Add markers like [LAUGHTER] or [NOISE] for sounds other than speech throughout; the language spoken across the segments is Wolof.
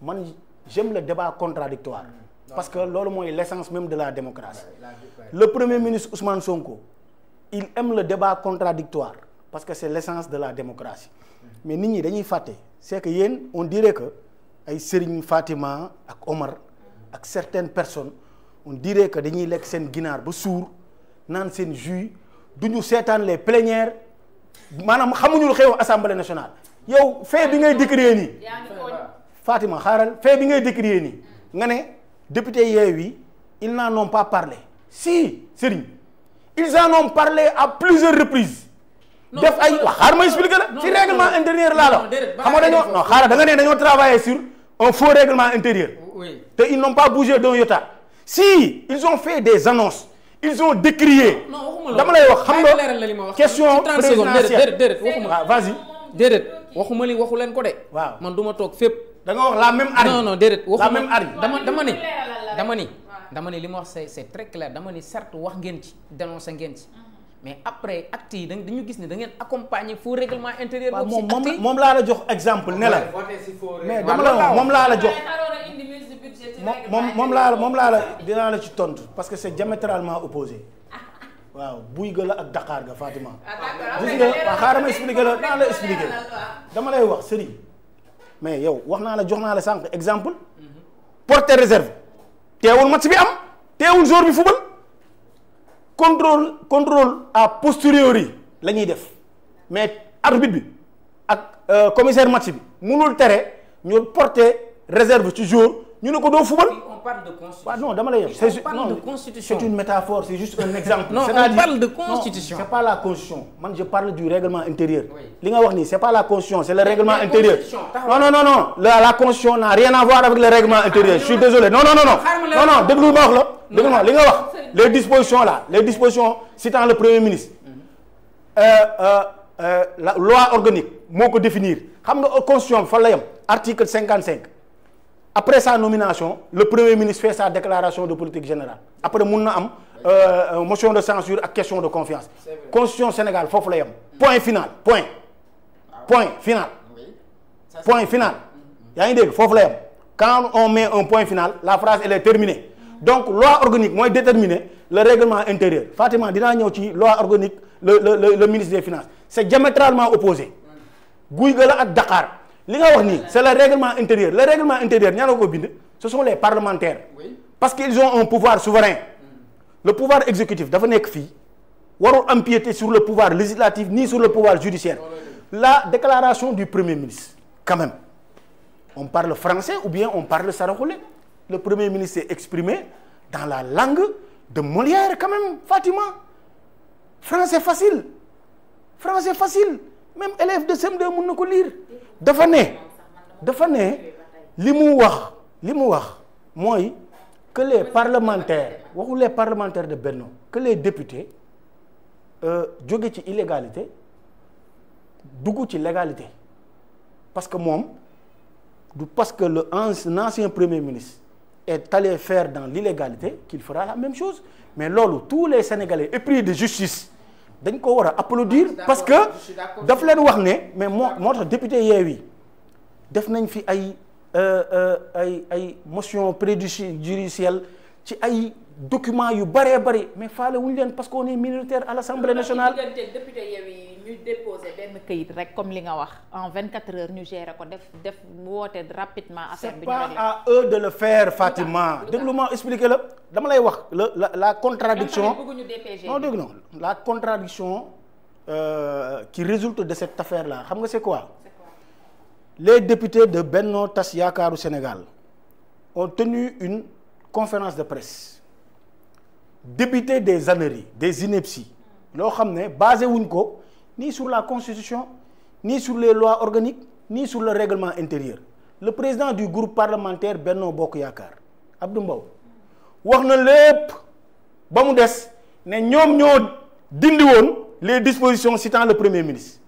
man j'aime le débat contradictoire mm, parce que loolu mooy l'essence même de la démocratie le premier ministre Ousmane Sonko il aime le débat contradictoire parce que c'est l'essence de la démocratie mm. mais nit ñi dañuy fàtte c'est que yéen on dirait que ay Serigne Fatima ak Omar ak certaines personnes on dirait que dañuy lekk seen ginaar ba suur naan seen jus du ñu seetaan les plénières maanaam xamuñu lu xew assemblée nationale yow fee bi ngay décrire nii Fatima xaaral fait bi ngay décrier nii nga ne député Yewwi ils n'en ont pas parlé si Serigne ils en ont parlé à plusieurs reprises. def ay wax xaaral ma expliqué la. ci règlement intérieur laa la xam nga dañoo non xaaral da nga ne dañoo travailler sur un faux règlement intérieur. oui te ils pas bougé d'un iota. si ils ont fait des annonces. ils ont décrié. dama lay wax xam nga question présidentielle déedéet waxuma déedéet waxuma li waxu leen ko de. waaw man du ma toog fépp. da wax la même hargne non non déedéet waxuma la même hargne dama dama ni dama ni dama ni li ma wax se c'est la clair dama ni certes wax ngeen ci dénoncé ngeen ci mm-hmm. mais après actes yi dañu gis ne da ngeen accompagner faux règlement intérieur. boobu si actes moom laa la jox exemple ne la. mais dama la moom laa la jox. moom moom laa la moom laa la dinaa la ci tontu parce que c'est diamétralement opposé [LAUGHS] waaw buy ga la ak daqaar ga Fatima. Ah, gis ma expliqué la naa la expliqué dama lay wax Serigne. mais yow wax naa la jox naa la sànq exemple porte réserve teewul match bi am teewul jour bi fubal contrôle contrôle à posteriori la ñuy def mais arbitre bi ak euh, commissaire match bi munul tere ñu porter réserve ci jour ñu ne ko doo fubal parle de constitution. Ah non dama lay yem c'est parle de constitution c'est une métaphore c'est juste un [LAUGHS] exemple. non on parle de constitution c'est pas la constitution man je parle du règlement intérieur. li nga wax nii c'est pas la constitution c'est le règlement intérieur. non non non non la la constitution n'a rien à voir avec le règlement ah, intérieur je suis désolé non non non non non non déglu ma wax la. déglu ma li nga wax les dispositions là les dispositions citant le premier ministre. Mm-hmm. Euh, euh, euh, la loi organique moo ko définir xam nga constitution bi fan la yem article cinquante cinq. après sa nomination le premier ministre fait sa déclaration de politique générale après mun na am euh, euh motion de censure ak question de confiance constitution Sénégal foofu la yem point final point point final point final mm-hmm. yaa ngi dégg foofu la yem quand on met un point final la phrase elle est terminée donc loi organique mooy déterminer le règlement intérieur Fatima dinaa ñëw ci loi organique le le ministre des finances c'est diamétralement opposé mm. Guy Gala ak li nga wax nii c'est le règlement intérieur le règlement intérieur ñaa la ko bind ce sont les parlementaires parce qu'ils ont un pouvoir souverain le pouvoir exécutif dafa nekk fii warul empiéter sur le pouvoir législatif ni sur le pouvoir judiciaire la déclaration du premier ministre quand même on parle français ou bien on parle saraxule le premier ministre s'est exprimé dans la langue de Molière quand même Fatima français facile français facile même élève de CM2 na ko lire dafa ne dafa ne li mu wax li mu wax mooy que les parlementaires waxu les parlementaires de Benno que les députés euh, jóge ci illégalité dugg ci légalité parce que moom du parce que le un ancien premier ministre est allé faire dans l'illégalité qu'il fera la même chose mais loolu tous les Sénégalais épris de justice dañ ko war a applaudir parce que daf leen wax ne mais moo moo tax député yi def nañ fi ay euh, euh, ay ay motion préjudicielle ci ay documents yu bëree bëri mais faale wuñu leen parce qu'on est minoritaire à l'Assemblée nationale ñu rek comme li nga wax en 24 heures ñu géré ko def def woote rapidement. affaire bi à eux de le faire Fatima. déglu ma expliquer la dama lay wax la la la contradiction non dégg non la contradiction euh, qui résulte de cette affaire la xam nga se quoi. les députés de Benno Tas Yaakaaru Sénégal ont tenu une conférence de presse débité des âneries des inepties loo xam ne basé wuñ ko ni sur la constitution ni sur les lois organiques ni sur le règlement intérieur le président du groupe parlementaire Benno Bokk Yaakaar Abdou Mbow wax na lépp ba mu des ne ñoom ñoo dindi woon les dispositions citant le premier ministre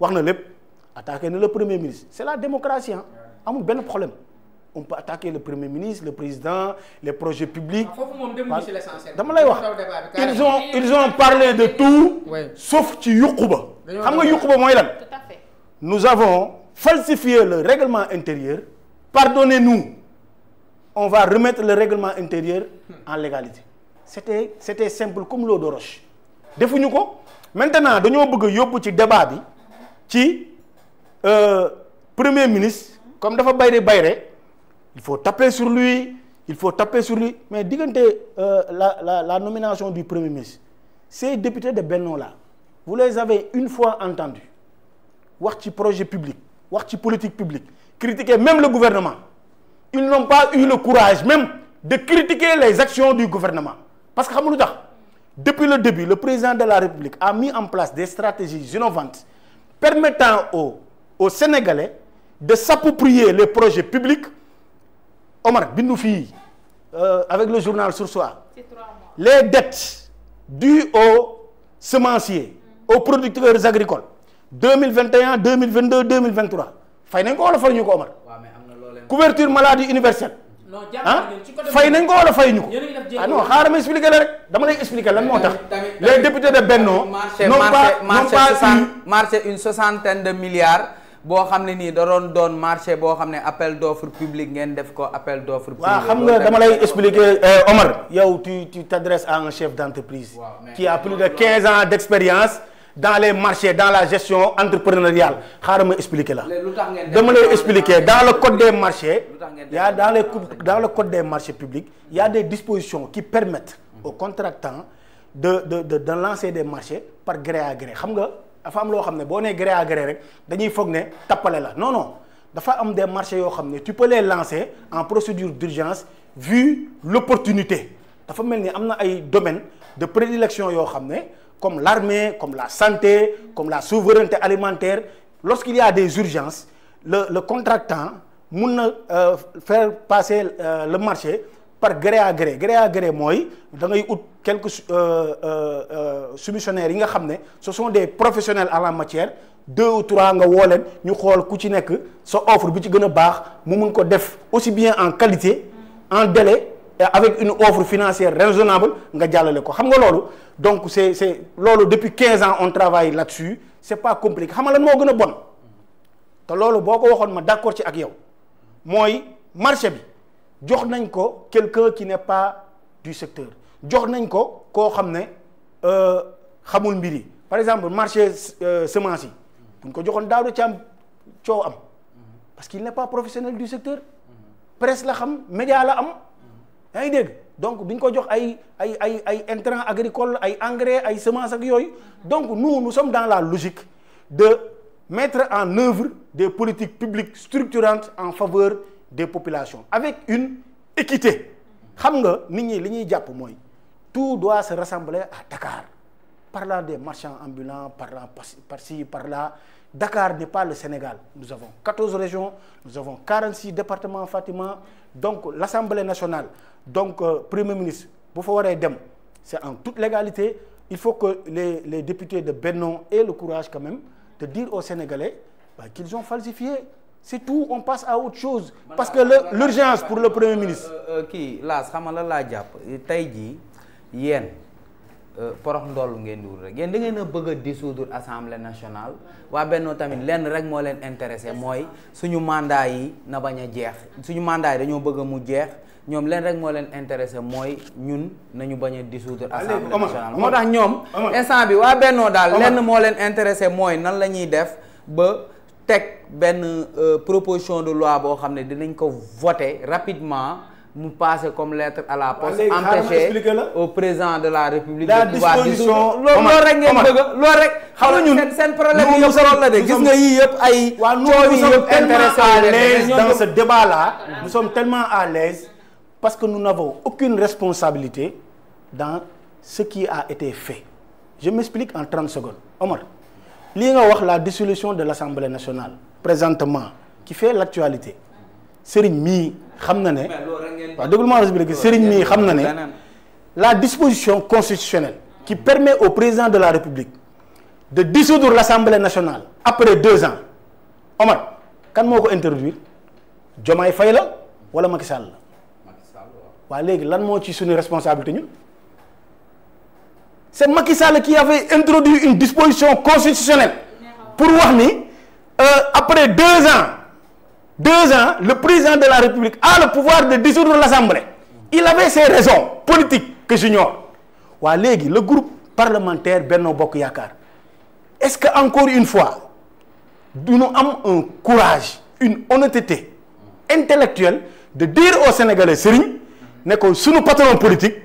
wax na lépp attaqué na le premier ministre c'est la démocratie ah amul benn problème on peut attaquer le premier ministre le président les projets publics. Ah, dama lay wax ils ont ils ont parlé de tout. sauf ci yuqu ba. xam nga yuqu ba mooy lan. tout à fait nous avons falsifié le règlement intérieur. pardonnez-nous on va remettre le règlement intérieur en légalité. c'était c'était simple comme l'eau de roche. defuñu ko maintenant dañoo bëgg yóbbu ci débat bi ci euh, premier ministre comme dafa bayre bayre il faut taper sur lui il faut taper sur lui mais diggante euh, la la nomination du premier ministre ces députés de Benno là vous les avez une fois entendus wax ci projet public wax ci politique publique critiquer même le gouvernement ils n'ont pas eu le courage même de critiquer les actions du gouvernement parce que xam nga lu tax depuis le début le président de la République a mis en place des stratégies innovantes permettant au aux Sénégalais de s'approprier les projets publics Omar bindu fii euh, avec le journal sur soi les dettes dues aux semenciers mm. aux producteurs agricoles 2021 2022 2023 fay nañ ko wala fay ñu ko Omar couverture maladie universelle ah fay nañ ko wala fay ñu ko ah non xaaral ma expliquer la rek dama lay expliquer lan moo tax les députés de Benno marché marché marché une soixantaine de milliards boo xam ne nii da doon doon marché boo xam ne appel d'offre public ngeen def ko appel d'offre public waaw xam nga dama lay expliquer euh, Omar yow tu tu t'adresses à un chef d'entreprise ouais, qui a plus de quinze ans d'expérience dans les marchés dans la gestion entrepreneuriale xaaral ma expliquer la dama lay expliquer dans le code des marchés il y a dans les dans code des marchés publics il y a des dispositions qui permettent aux contractants de de de de lancer des marchés par gré à xam nga dafa am loo xam ne boo nee gré à gré rek dañuy foog ne tappale la non dafa am de marché yoo xam ne tu peux les lancer en procédure d'urgence vu l'opportunité dafa mel ni am na ay domaines de prédilection yoo xam ne comme l'armée comme la santé comme la souveraineté alimentaire lorsqu'il y des urgences le le contractant mun na euh, faire passer euh, le marché par gré à gré gré mooy da ngay ut quelques euh, euh, euh, soumissionnaires yi nga xam ne ce son des professionnels à la matière deux ou trois nga woo ñu xool ku ci nekk sa offre bi ci gën a baax mu mun ko def aussi bien en qualité en délai et avec une offre financière raisonnable nga jàllale ko xam nga loolu donc c'est c'est loolu depuis quinze ans on travaille là-dessus c'est pas compliqué xam nga lan moo gën a bon te loolu boo ko waxoon ma d'accord ci ak yow mooy marché bi jox nañ ko quelqu'un qui n'est pas du secteur jox nañ ko koo xam ne euh, xamul mbir par exemple marché euh, semence yi buñ ko joxoon daaw da ci am coow am parce qu'il n'est pas professionnel du secteur presse la xam média la am yaa ngi donc duñ ko jox ay ay ay ay intrants agricoles ay engrais ay semences ak yooyu donc nous nous sommes dans la logique de mettre en œuvre des politiques publiques structurantes en faveur des populations avec une équité xam nga nit ñi li ñuy jàpp mooy tout doit se rassembler à Dakar la des marchands ambulants parlant par-ci par-là Dakar n'est pas le Sénégal nous avons 14 régions nous avons 46 départements Fatima donc l'Assemblée nationale donc euh, Premier ministre bu fa waree dem c'est en toute légalité il faut que les les députés de bennon aient le courage quand même de dire au Sénégalais bah, qu'ils ont falsifié c'est tout on passe à autre chose. parce que l'urgence pour le premier euh, ministre. Euh, euh, kii laas xam laa jàpp tey jii yéen porox ndoll ngeen di wut rek yéen da ngeen bëgg a dissoudre assemblée nationale waa Benno tamit lenn rek moo leen intéressé mooy suñu mandat yi na bañ a jeex suñu mandat yi dañoo bëgg mu jeex ñoom leen rek moo leen intéressé mooy ñun nañu bañ a dissoudre assemblée nationale moo tax ñoom. instant bi waa Benno daal lenn moo leen intéressé mooy nan la ñuy def ba. teg benn euh, proposition de loi boo xam ne dinañ ko voter rapidement mu passer comme lettre à la poste empêcher au président de la république de pouvoir dissoudre loolu rek ngeen bëgg loolu seen problème yi yëpp loolu la de gis nga yii yëpp ay coow yi yëpp intéressé à l'aise parce que nous n'avons aucune responsabilité dans ce qui a été fait je m'explique en 30 secondes lii nga wax la dissolution de l'Assemblée nationale présentement qui fait l'actualité sëriñ mii xam na ne waa déglu ma expliqué sëriñ mii xam na ne la disposition constitutionnelle qui permet au président de la République de dissoudre l'Assemblée nationale après deux ans Omar kan moo ko introduire Diomaye Faye la wala Macky Sall la waaw léegi lan moo ci suñu responsabilité ñun c'est Macky Sall qui avait introduit une disposition constitutionnelle pour wax ni euh, après deux ans deux ans le président de la République a le pouvoir de dissoudre l'Assemblée il avait ses raisons politiques que j'ignore waa léegi le groupe parlementaire Benno Bokk Yaakaar est-ce que encore une fois duñu am un courage une honnêteté intellectuelle de dire au Sénégalais Serigne ne ko sunu patron politique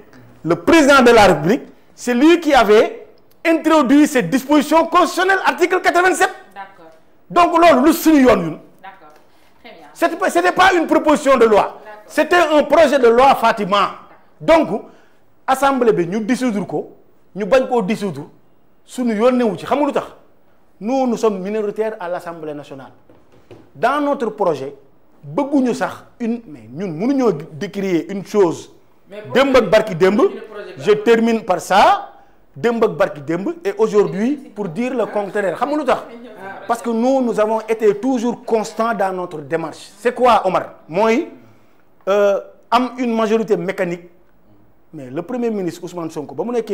le président de la République c'est lui qui avait introduit cette disposition constitutionnelle article 87. d'accord donc loolu lu suñu yoon ñun. d'accord très bien. c'était pas c'était pas une proposition de loi. c'était un projet de loi Fatima. donc assemblée bi ñu dissoudre ko ñu bañ koo dissoudre suñu yoon newu ci xam lu tax nous nous sommes minoritaires à l'Assemblée nationale dans notre projet bëgguñu sax une mais ñun mënuñoo décrier une chose. démb ak barki démb. je termine par ça démb ak barki démb et aujourd'hui pour dire le contraire xam nga lu tax parce que nous nous avons été toujours constants dans notre démarche c'est quoi Omar mooy euh, am une majorité mécanique mais le premier ministre Ousmane Sonko ba mu nekkee